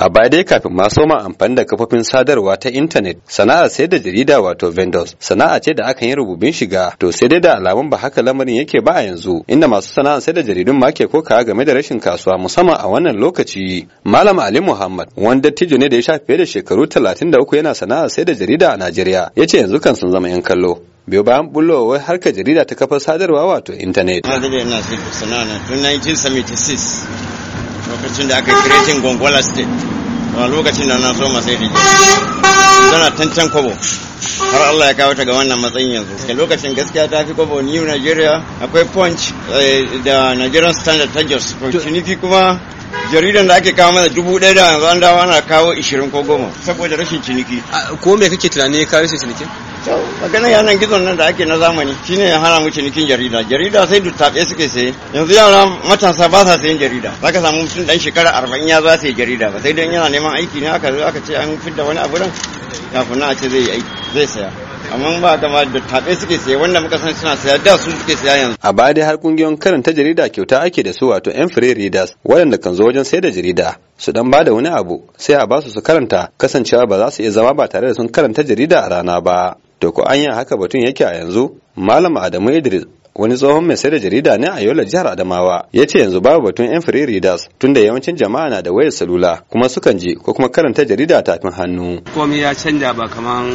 a baya dai kafin ma soma amfani da kafofin sadarwa ta intanet sana'a sai da jarida wato vendors sana'a ce da akan yi rububin shiga to sai dai da alamun ba haka lamarin yake ba a yanzu inda masu sana'a sai da jaridun ma ke koka game da rashin kasuwa musamman a wannan lokaci malam ali muhammad wanda dattijo ne da ya fiye da shekaru 33 yana sana'a sai da jarida a najeriya ya ce yanzu kan sun zama yan kallo biyo bayan bullowar harka jarida ta kafar sadarwa wato intanet. Madrid sana'a tun 1976 lokacin da aka kiretin gongola state a lokacin da na so masai da tana tantan kwabo har Allah ya kawo ta ga wannan matsayin yanzu da lokacin gaskiya ta fi kwabo new nigeria akwai punch eh, da nigerian standard tigers kuma jaridan da ake kawo mana dubu ɗaya da yanzu an dawo ana kawo ishirin ko goma saboda rashin ciniki. ko me kake tunani kawo rashin ciniki? maganar yanar gizon nan da ake na zamani shine ya hana mu cinikin jarida jarida sai tafe suke saye yanzu yara matasa ba sa sayan jarida zaka samu mutum dan shekara arba'in ya za su yi jarida ba sai dan yana neman aiki ne aka aka ce an fidda wani abu nan kafin na a ce zai aiki zai saya amma ba da ma da tabe suke saya wanda muka san suna saya da su suke saya yanzu a baya har kungiyoyin karanta jarida kyauta ake da su wato yan free readers waɗanda kan zo wajen sayar da jarida su dan bada wani abu sai a basu su karanta kasancewa ba za su iya zama ba tare da sun karanta jarida a rana ba to ko an yi haka batun yake a yanzu malam adamu idris wani tsohon mai sayar da jarida ne a yola jihar adamawa ya ce yanzu babu batun yan free readers tunda yawancin jama'a na da wayar salula kuma sukan je ko kuma karanta jarida tafin hannu komai ya canja ba kaman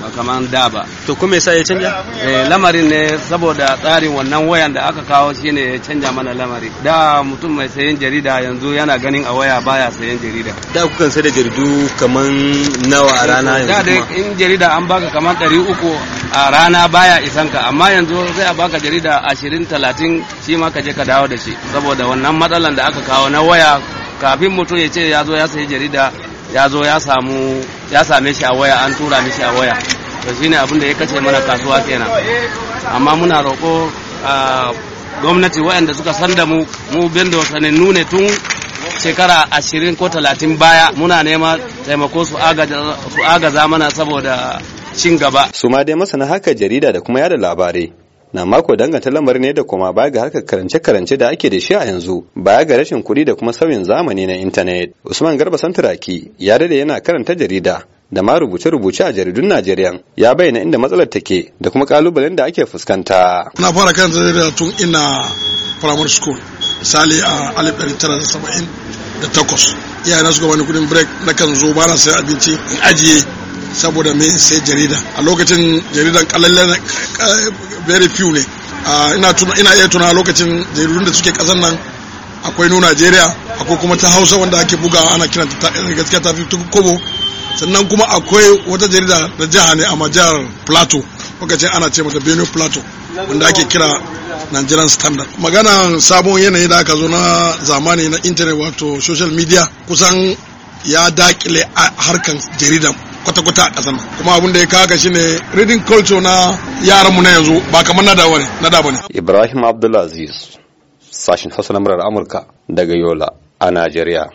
ba kamar da ba to kuma yasa ya canja eh lamarin ne saboda tsarin wannan wayan da aka kawo shine ya canja mana lamari da mutum mai sayan jarida yanzu yana ganin a waya baya sayan jarida da kukan sai da jaridu kamar nawa a rana yanzu da da in jarida an baka kamar uku a rana baya isan ka amma yanzu sai a baka jarida ashirin talatin shi ma ka je ka dawo da shi saboda wannan matsalan da aka kawo na waya kafin mutum ya ce ya zo ya sayi jarida ya zo ya samu ya same shi a waya an tura mishi a waya to shine abin da ya kace mana kasuwa kenan amma muna roƙo a gwamnati waɗanda suka san da mu mu bindo sanannu nune tun shekara ashirin ko talatin baya muna nema taimako su agaza mana saboda cin gaba su ma dai masana haka jarida da kuma yada labarai na mako danganta lamarin ne da kuma baya ga harkar karance-karance da ake da shi a yanzu baya ga rashin kuɗi da kuma sauyin zamani na intanet usman garba santaraki ya dade yana karanta jarida da ma rubuce-rubuce a jaridun Najeriya ya bayyana inda matsalar take da kuma kalubalen da ake fuskanta. Na fara kan jarida tun ina primary school misali a alif ɗari tara da saba'in da takwas iyayena suka bani kuɗin break na kan zo ba na sai abinci in ajiye saboda me sai jarida a lokacin jaridan very few ne ah, ina iya tuna lokacin jaridun da suke kasan nan akwai nu najeriya akwai kuma ta hausa wanda ake buga ana kiran eh, gaskiya ta fi kobo sannan kuma akwai wata jarida da jiha ne a jihar plateau lokacin ana ce mata benue plateau wanda ake kira nigerian standard magana sabon yanayi da aka zo na zamani na intanet wato social media kusan ya dakile harkan jaridan kwata-kwata a ƙasar kuma abin da ya kaga shi ne reading culture na yaran mu na yanzu ba kamar na da na da bane Ibrahim Abdulaziz sashin Hausa murar Amurka daga Yola a Najeriya